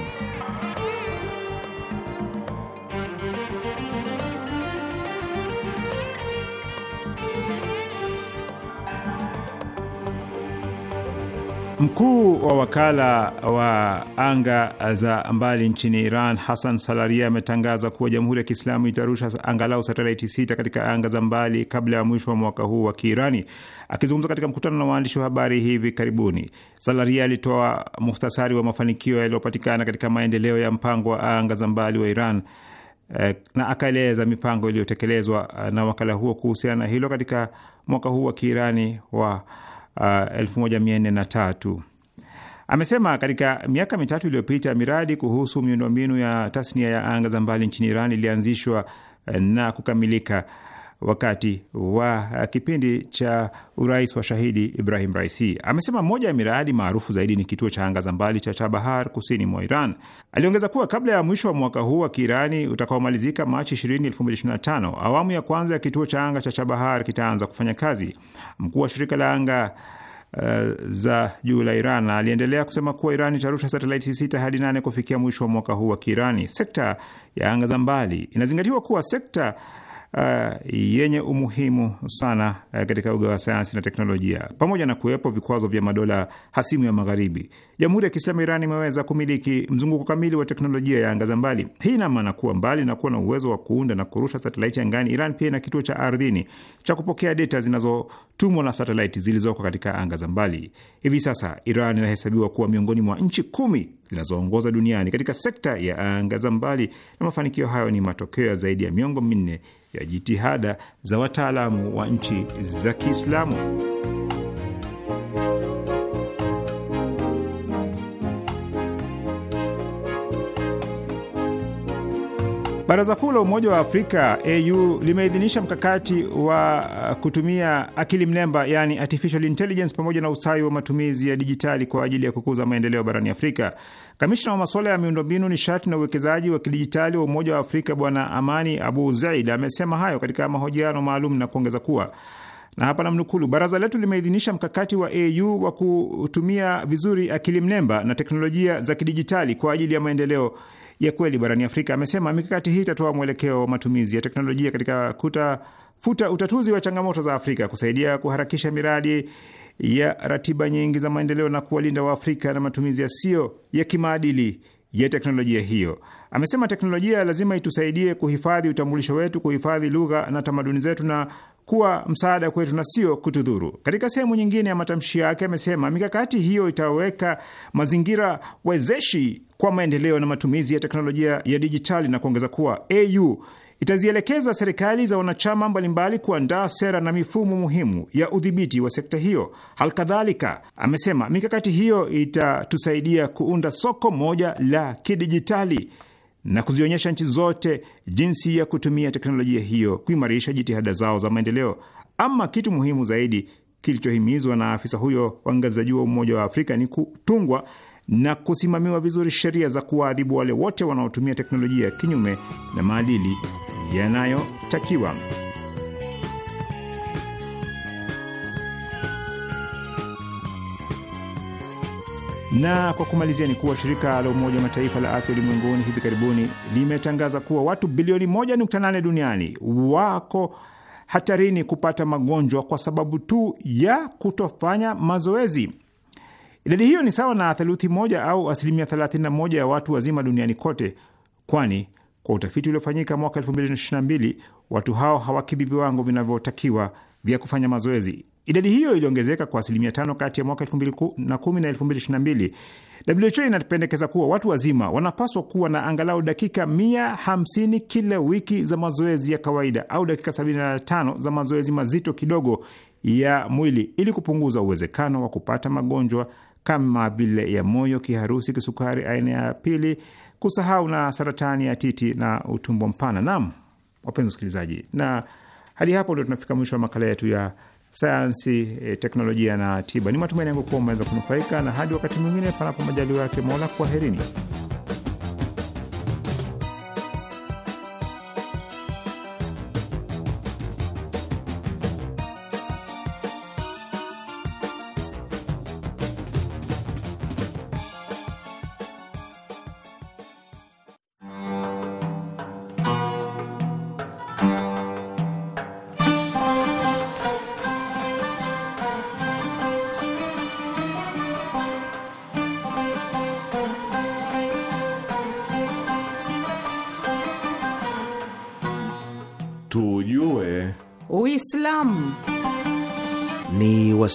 Mkuu wa wakala wa anga za mbali nchini Iran, Hassan Salaria, ametangaza kuwa Jamhuri ya Kiislamu itarusha angalau satelaiti sita katika anga za mbali kabla ya mwisho wa mwaka huu wa Kiirani. Akizungumza katika mkutano na waandishi wa habari hivi karibuni, Salaria alitoa muhtasari wa mafanikio yaliyopatikana katika maendeleo ya mpango wa anga za mbali wa Iran eh, na akaeleza mipango iliyotekelezwa eh, na wakala huo kuhusiana na hilo katika mwaka huu wa Kiirani wa uh, Amesema katika miaka mitatu iliyopita miradi kuhusu miundombinu ya tasnia ya anga za mbali nchini Iran ilianzishwa eh, na kukamilika wakati wa kipindi cha urais wa shahidi Ibrahim Raisi. Amesema moja ya miradi maarufu zaidi ni kituo cha anga za mbali cha Chabahar kusini mwa Iran. Aliongeza kuwa kabla ya mwisho wa mwaka huu wa Kiirani utakaomalizika Machi 20, 2025 awamu ya kwanza ya kituo cha anga cha Chabahar kitaanza kufanya kazi. Mkuu wa shirika la anga Uh, za juu la Iran aliendelea kusema kuwa Iran itarusha satelaiti sita hadi nane kufikia mwisho wa mwaka huu wa Kiirani. Sekta ya anga za mbali inazingatiwa kuwa sekta uh, yenye umuhimu sana uh, katika uga wa sayansi na teknolojia. Pamoja na kuwepo vikwazo vya madola hasimu ya Magharibi, Jamhuri ya Kiislamu Iran imeweza kumiliki mzunguko kamili wa teknolojia ya anga za mbali. Hii ina maana kuwa mbali na kuwa na uwezo wa kuunda na kurusha satelaiti angani, Iran pia ina kituo cha ardhini cha kupokea data zinazotumwa na satelaiti zilizoko katika anga za mbali. Hivi sasa Iran inahesabiwa kuwa miongoni mwa nchi kumi zinazoongoza duniani katika sekta ya anga za mbali, na mafanikio hayo ni matokeo ya zaidi ya miongo minne ya jitihada za wataalamu wa nchi za Kiislamu. Baraza Kuu la Umoja wa Afrika AU limeidhinisha mkakati wa uh, kutumia akili mnemba, yani artificial intelligence, pamoja na ustawi wa matumizi ya dijitali kwa ajili ya kukuza maendeleo barani Afrika. Kamishna wa masuala ya miundombinu, nishati na uwekezaji wa kidijitali wa Umoja wa Afrika Bwana Amani Abu Zaid amesema hayo katika mahojiano maalum na kuongeza kuwa na hapa namnukulu, baraza letu limeidhinisha mkakati wa AU wa kutumia vizuri akili mnemba na teknolojia za kidijitali kwa ajili ya maendeleo ya kweli barani Afrika. Amesema mikakati hii itatoa mwelekeo wa matumizi ya teknolojia katika kutafuta utatuzi wa changamoto za Afrika, kusaidia kuharakisha miradi ya ratiba nyingi za maendeleo na kuwalinda Waafrika na matumizi yasiyo ya kimaadili ya teknolojia hiyo. Amesema teknolojia lazima itusaidie kuhifadhi utambulisho wetu, kuhifadhi lugha na tamaduni zetu na kuwa msaada kwetu na sio kutudhuru. Katika sehemu nyingine ya matamshi yake amesema mikakati hiyo itaweka mazingira wezeshi kwa maendeleo na matumizi ya teknolojia ya dijitali na kuongeza kuwa AU itazielekeza serikali za wanachama mbalimbali kuandaa sera na mifumo muhimu ya udhibiti wa sekta hiyo. Halikadhalika, amesema mikakati hiyo itatusaidia kuunda soko moja la kidijitali na kuzionyesha nchi zote jinsi ya kutumia teknolojia hiyo kuimarisha jitihada zao za maendeleo. Ama kitu muhimu zaidi kilichohimizwa na afisa huyo wa ngazi za juu wa Umoja wa Afrika ni kutungwa na kusimamiwa vizuri sheria za kuwaadhibu wale wote wanaotumia teknolojia kinyume na maadili yanayotakiwa. Na kwa kumalizia ni kuwa shirika la Umoja wa Mataifa la afya ulimwenguni hivi karibuni limetangaza kuwa watu bilioni 1.8 duniani wako hatarini kupata magonjwa kwa sababu tu ya kutofanya mazoezi. Idadi hiyo ni sawa na theluthi moja au asilimia 31 ya watu wazima duniani kote, kwani kwa utafiti uliofanyika mwaka 2022 watu hao hawakibi viwango vinavyotakiwa vya kufanya mazoezi. Idadi hiyo iliongezeka kwa asilimia tano kati ya mwaka 2010 na 2022. WHO inapendekeza kuwa watu wazima wanapaswa kuwa na angalau dakika 150 kila wiki za mazoezi ya kawaida au dakika 75 za mazoezi mazito kidogo ya mwili ili kupunguza uwezekano wa kupata magonjwa kama vile ya moyo, kiharusi, kisukari aina ya pili, kusahau na saratani ya titi na utumbo mpana. Naam, wapenzi wasikilizaji, na hadi hapo ndio tunafika mwisho wa makala yetu ya sayansi, e, teknolojia na tiba. Ni matumaini yangu kuwa umeweza kunufaika, na hadi wakati mwingine, panapo majaliwa yake Mola, kwaherini.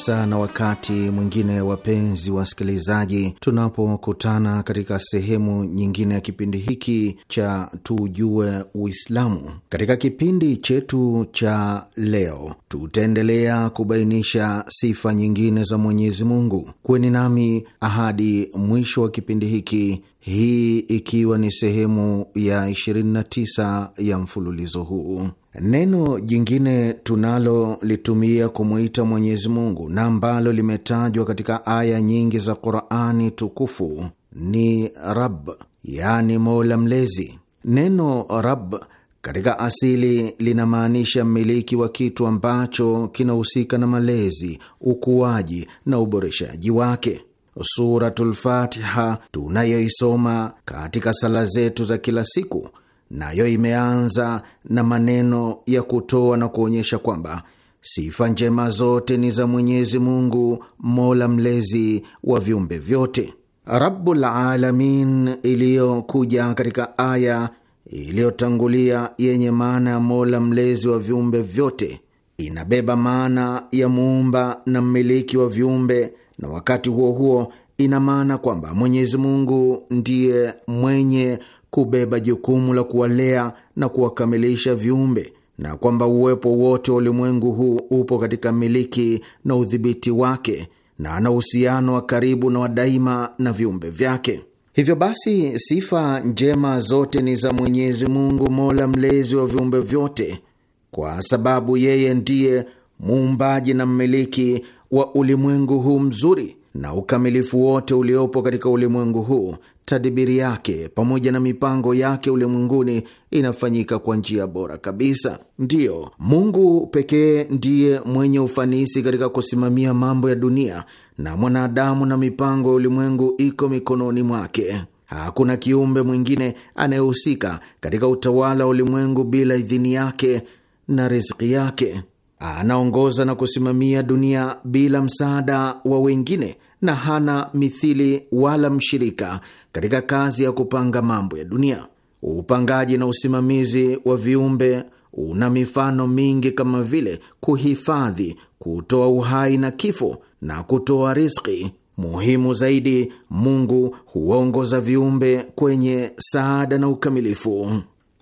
fursa na wakati mwingine, wapenzi wasikilizaji, tunapokutana katika sehemu nyingine ya kipindi hiki cha Tujue Uislamu. Katika kipindi chetu cha leo, tutaendelea kubainisha sifa nyingine za Mwenyezi Mungu. Kweni nami ahadi mwisho wa kipindi hiki, hii ikiwa ni sehemu ya 29 ya mfululizo huu. Neno jingine tunalolitumia kumwita Mwenyezi Mungu na ambalo limetajwa katika aya nyingi za Qurani tukufu ni Rab, yani mola mlezi. Neno Rab katika asili linamaanisha mmiliki wa kitu ambacho kinahusika na malezi, ukuaji na uboreshaji wake. Suratul Fatiha tunayoisoma katika sala zetu za kila siku nayo imeanza na maneno ya kutoa na kuonyesha kwamba sifa njema zote ni za Mwenyezi Mungu, mola mlezi wa viumbe vyote. Rabbul Alamin iliyokuja katika aya iliyotangulia yenye maana ya mola mlezi wa viumbe vyote inabeba maana ya muumba na mmiliki wa viumbe, na wakati huo huo ina maana kwamba Mwenyezi Mungu ndiye mwenye kubeba jukumu la kuwalea na kuwakamilisha viumbe na kwamba uwepo wote wa ulimwengu huu upo katika miliki na udhibiti wake na ana uhusiano wa karibu na wadaima na viumbe vyake. Hivyo basi, sifa njema zote ni za Mwenyezi Mungu, mola mlezi wa viumbe vyote, kwa sababu yeye ndiye muumbaji na mmiliki wa ulimwengu huu mzuri na ukamilifu wote uliopo katika ulimwengu huu tadibiri yake pamoja na mipango yake ulimwenguni inafanyika kwa njia bora kabisa. Ndiyo, Mungu pekee ndiye mwenye ufanisi katika kusimamia mambo ya dunia, na mwanadamu na mipango ya ulimwengu iko mikononi mwake. Hakuna kiumbe mwingine anayehusika katika utawala wa ulimwengu bila idhini yake na riziki yake. Anaongoza na kusimamia dunia bila msaada wa wengine na hana mithili wala mshirika katika kazi ya kupanga mambo ya dunia. Upangaji na usimamizi wa viumbe una mifano mingi kama vile kuhifadhi, kutoa uhai na kifo na kutoa riziki. Muhimu zaidi, Mungu huongoza viumbe kwenye saada na ukamilifu.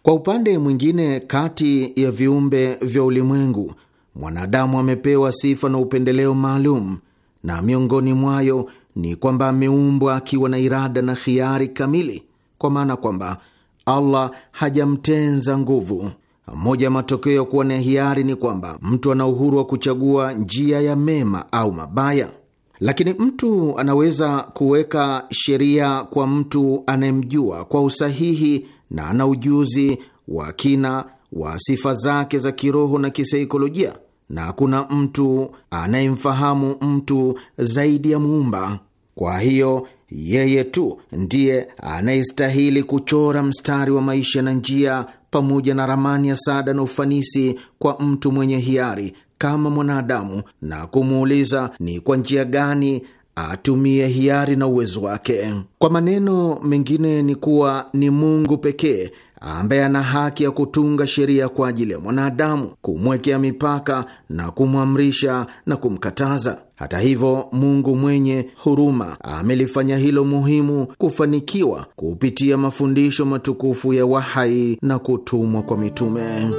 Kwa upande mwingine, kati ya viumbe vya ulimwengu, mwanadamu amepewa sifa na upendeleo maalum na miongoni mwayo ni kwamba ameumbwa akiwa na irada na khiari kamili, kwa maana kwamba Allah hajamtenza nguvu. Moja ya matokeo ya kuwa na hiari ni kwamba mtu ana uhuru wa kuchagua njia ya mema au mabaya, lakini mtu anaweza kuweka sheria kwa mtu anayemjua kwa usahihi na ana ujuzi wa kina wa sifa zake za kiroho na kisaikolojia na hakuna mtu anayemfahamu mtu zaidi ya Muumba. Kwa hiyo yeye tu ndiye anayestahili kuchora mstari wa maisha na njia pamoja na ramani ya saada na ufanisi kwa mtu mwenye hiari kama mwanadamu, na kumuuliza ni kwa njia gani atumie hiari na uwezo wake. Kwa maneno mengine, ni kuwa ni Mungu pekee ambaye ana haki ya kutunga sheria kwa ajili ya mwanadamu, kumwekea mipaka na kumwamrisha na kumkataza. Hata hivyo, Mungu mwenye huruma amelifanya hilo muhimu kufanikiwa kupitia mafundisho matukufu ya wahai na kutumwa kwa mitume.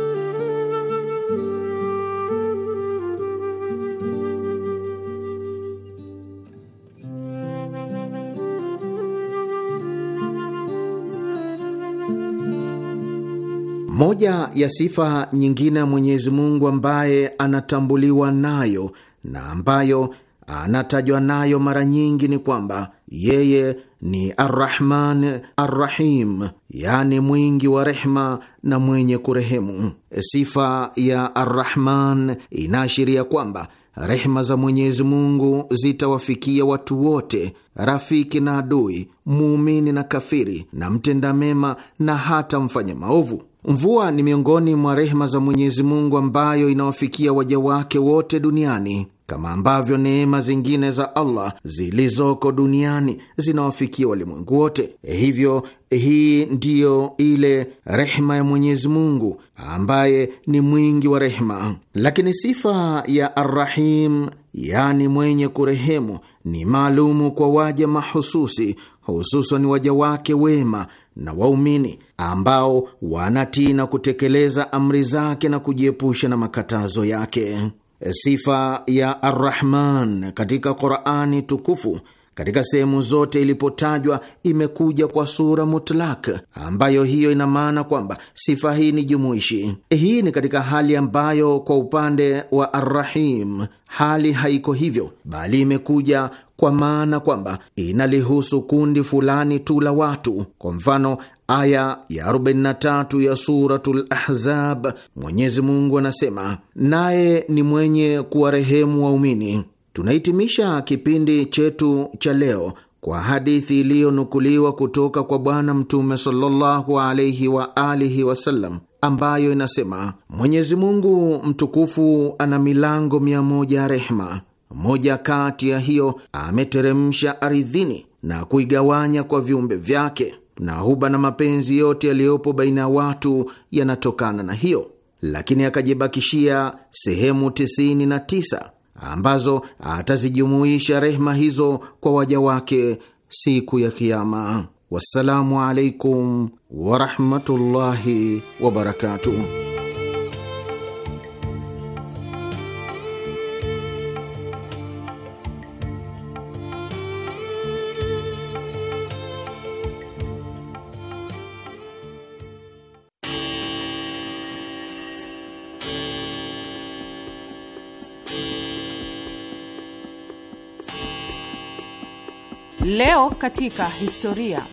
Moja ya sifa nyingine ya Mwenyezi Mungu ambaye anatambuliwa nayo na ambayo anatajwa nayo mara nyingi ni kwamba yeye ni Arrahman Arrahim, yani mwingi wa rehma na mwenye kurehemu. Sifa ya Arrahman inaashiria kwamba rehma za Mwenyezi Mungu zitawafikia watu wote, rafiki na adui, muumini na kafiri, na mtenda mema na hata mfanya maovu. Mvua ni miongoni mwa rehema za Mwenyezi Mungu ambayo inawafikia waja wake wote duniani kama ambavyo neema zingine za Allah zilizoko duniani zinawafikia walimwengu wote. Hivyo hii ndiyo ile rehema ya Mwenyezi Mungu ambaye ni mwingi wa rehema. Lakini sifa ya Arrahim, yaani mwenye kurehemu, ni maalumu kwa waja mahususi, hususan waja wake wema na waumini ambao wanatii na kutekeleza amri zake na kujiepusha na makatazo yake. Sifa ya Arrahman katika Qurani tukufu katika sehemu zote ilipotajwa imekuja kwa sura mutlak, ambayo hiyo ina maana kwamba sifa hii ni jumuishi. Hii ni katika hali ambayo kwa upande wa Arrahim hali haiko hivyo, bali imekuja kwa maana kwamba inalihusu kundi fulani tu la watu. Kwa mfano, aya ya 43 ya Suratul Ahzab, Mwenyezi Mungu anasema, naye ni mwenye kuwarehemu waumini. Tunahitimisha kipindi chetu cha leo kwa hadithi iliyonukuliwa kutoka kwa Bwana Mtume sallallahu alaihi wa alihi wasallam ambayo inasema Mwenyezi Mungu mtukufu ana milango mia moja ya rehma Moja kati ya hiyo ameteremsha aridhini na kuigawanya kwa viumbe vyake na huba na mapenzi yote yaliyopo baina ya watu yanatokana na hiyo, lakini akajibakishia sehemu 99 ambazo atazijumuisha rehma hizo kwa waja wake siku ya Kiama. Wassalamu alaikum warahmatullahi wabarakatuh. Leo katika historia.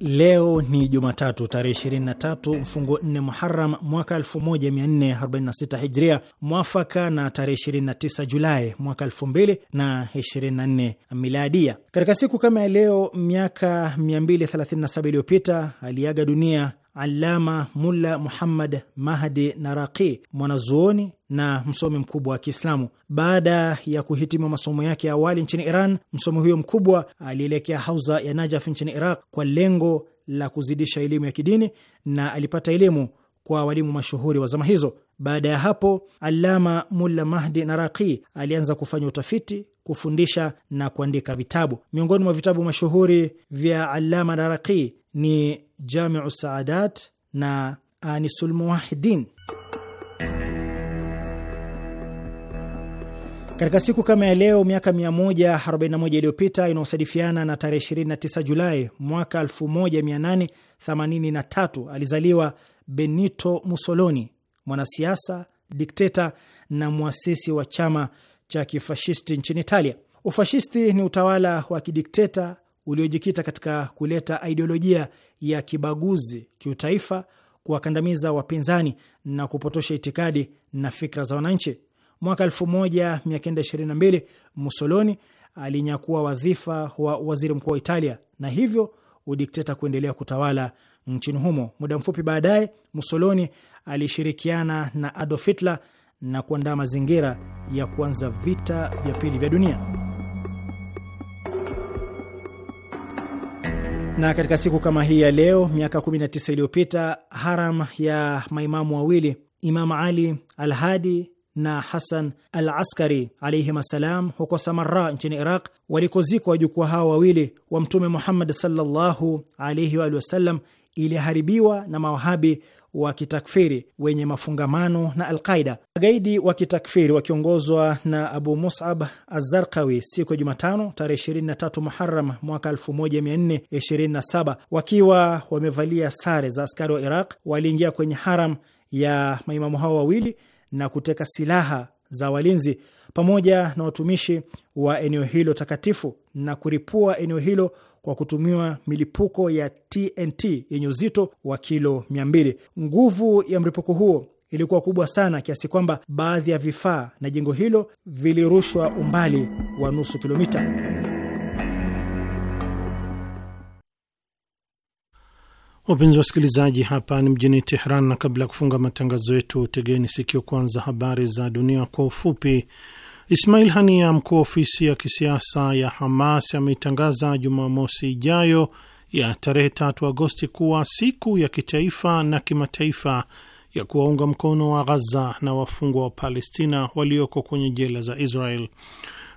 Leo ni Jumatatu tarehe 23 mfungo 4 Muharam mwaka 1446 Hijria, mwafaka na tarehe 29 Julai mwaka 2024 Miladia. Katika siku kama ya leo miaka 237 iliyopita aliaga dunia Allama Mulla Muhammad Mahdi Naraqi, mwanazuoni na msomi mkubwa wa Kiislamu. Baada ya kuhitimu masomo yake ya awali nchini Iran, msomi huyo mkubwa alielekea hauza ya Najaf nchini Iraq kwa lengo la kuzidisha elimu ya kidini na alipata elimu kwa walimu mashuhuri wa zama hizo. Baada ya hapo, Allama Mulla Mahdi Naraqi alianza kufanya utafiti, kufundisha na kuandika vitabu. Miongoni mwa vitabu mashuhuri vya Allama Naraqi ni Jamiu Saadat na Anisul ah, Muwahidin. Katika siku kama ya leo miaka 141 iliyopita inaosadifiana na tarehe 29 Julai mwaka 1883 alizaliwa Benito Mussolini, mwanasiasa, dikteta na mwasisi wa chama cha kifashisti nchini Italia. Ufashisti ni utawala wa kidikteta uliojikita katika kuleta idiolojia ya kibaguzi kiutaifa, kuwakandamiza wapinzani na kupotosha itikadi na fikra za wananchi. Mwaka 1922 Mussolini alinyakua wadhifa wa waziri mkuu wa Italia na hivyo udikteta kuendelea kutawala nchini humo. Muda mfupi baadaye, Mussolini alishirikiana na Adolf Hitler na kuandaa mazingira ya kuanza vita vya pili vya dunia. Na katika siku kama hii ya leo miaka 19 iliyopita haram ya maimamu wawili Imam Ali Alhadi na Hasan al Askari alaihim assalam huko Samarra nchini Iraq, walikozikwa wajukuu hao wawili wa Mtume Muhammad sallallahu alaihi waalihi wasallam iliharibiwa na mawahabi wa kitakfiri wenye mafungamano na Alqaida. Magaidi wa kitakfiri wakiongozwa na Abu Musab Azarkawi siku ya Jumatano tarehe 23 Muharam mwaka 1427 wakiwa wamevalia sare za askari wa Iraq waliingia kwenye haram ya maimamu hao wawili na kuteka silaha za walinzi pamoja na watumishi wa eneo hilo takatifu na kuripua eneo hilo kwa kutumiwa milipuko ya TNT yenye uzito wa kilo 200. Nguvu ya mlipuko huo ilikuwa kubwa sana kiasi kwamba baadhi ya vifaa na jengo hilo vilirushwa umbali wa nusu kilomita. Wapenzi wasikilizaji, hapa ni mjini Tehran, na kabla ya kufunga matangazo yetu, tegeni sikio kwanza habari za dunia kwa ufupi. Ismail Hania, mkuu wa ofisi ya kisiasa ya Hamas, ameitangaza Jumamosi ijayo ya tarehe 3 Agosti kuwa siku ya kitaifa na kimataifa ya kuwaunga mkono wa Ghaza na wafungwa wa Palestina walioko kwenye jela za Israel.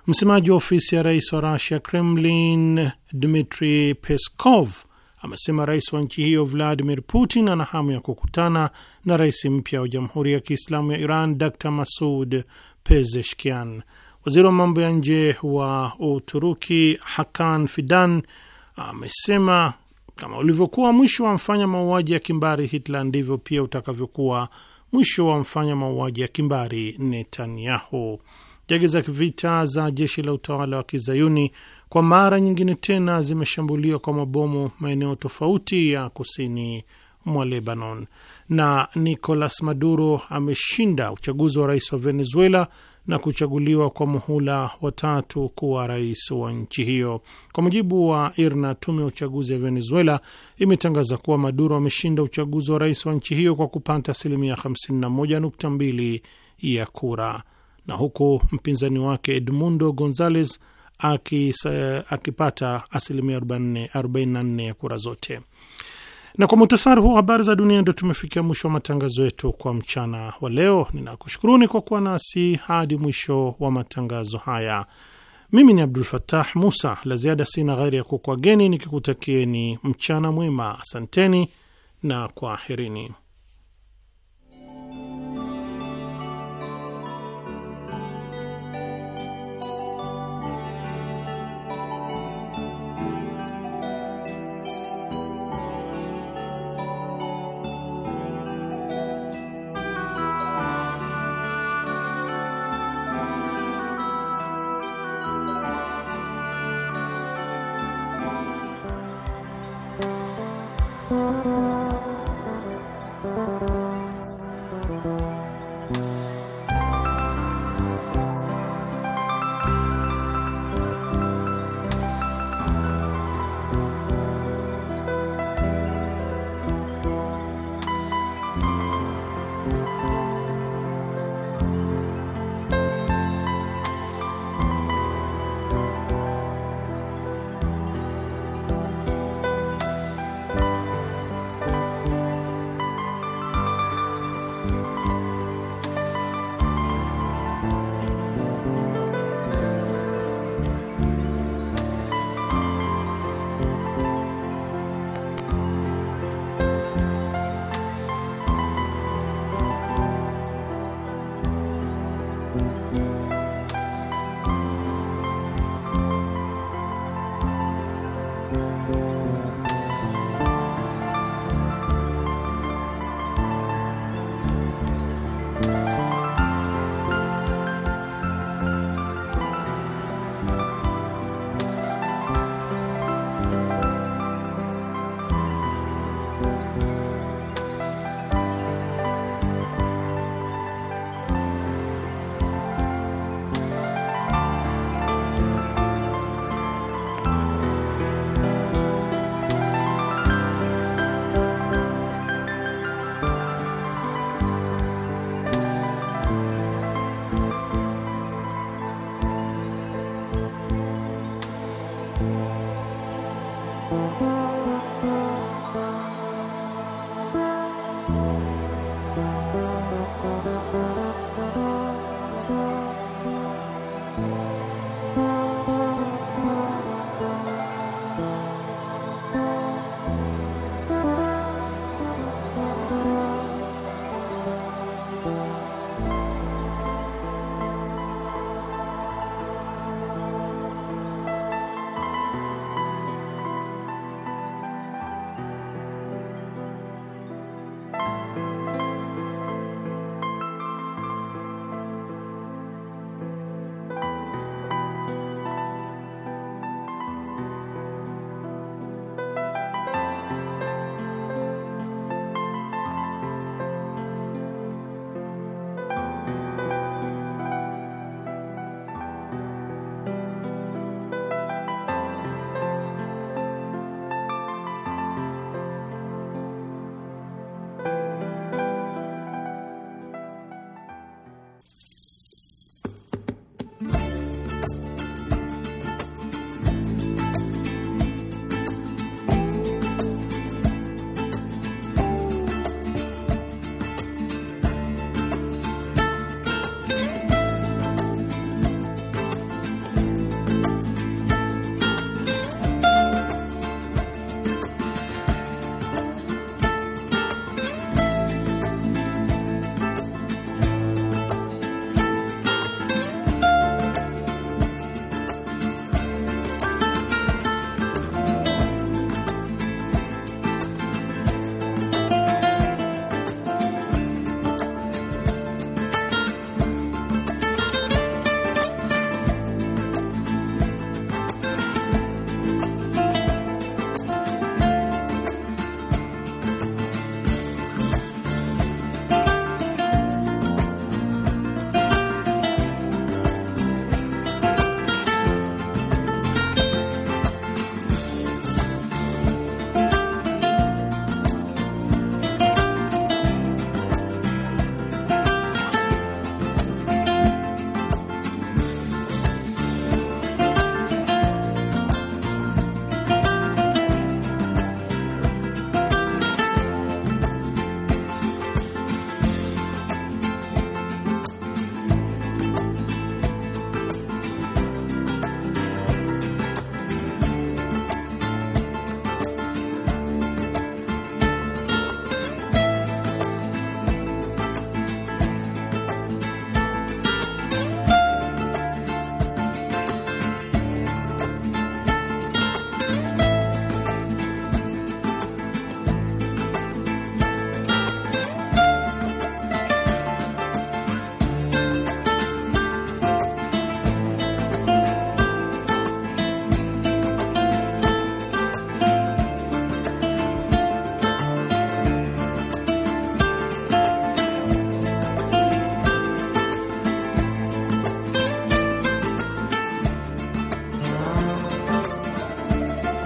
Msemaji wa ofisi ya rais wa Rusia, Kremlin, Dmitri Peskov amesema rais wa nchi hiyo Vladimir Putin ana hamu ya kukutana na rais mpya wa Jamhuri ya Kiislamu ya Iran, Dr Masud Pezeshkian. Waziri wa mambo ya nje wa Uturuki Hakan Fidan amesema kama ulivyokuwa mwisho wa mfanya mauaji ya kimbari Hitler ndivyo pia utakavyokuwa mwisho wa mfanya mauaji ya kimbari Netanyahu. Ndege za kivita za jeshi la utawala wa kizayuni kwa mara nyingine tena zimeshambuliwa kwa mabomu maeneo tofauti ya kusini mwa Lebanon, na Nicolas Maduro ameshinda uchaguzi wa rais wa Venezuela na kuchaguliwa kwa muhula watatu kuwa rais wa nchi hiyo. Kwa mujibu wa IRNA, tume ya uchaguzi ya Venezuela imetangaza kuwa Maduro ameshinda uchaguzi wa rais wa nchi hiyo kwa kupata asilimia 51.2 ya kura, na huku mpinzani wake Edmundo Gonzalez akipata asilimia 44 ya kura zote. Na kwa muhtasari huu habari za dunia, ndio tumefikia mwisho wa matangazo yetu kwa mchana wa leo. Ninakushukuruni kwa kuwa nasi hadi mwisho wa matangazo haya. Mimi ni Abdul fatah Musa. La ziada sina ghairi ya kukwageni nikikutakieni mchana mwema. Asanteni na kwaherini.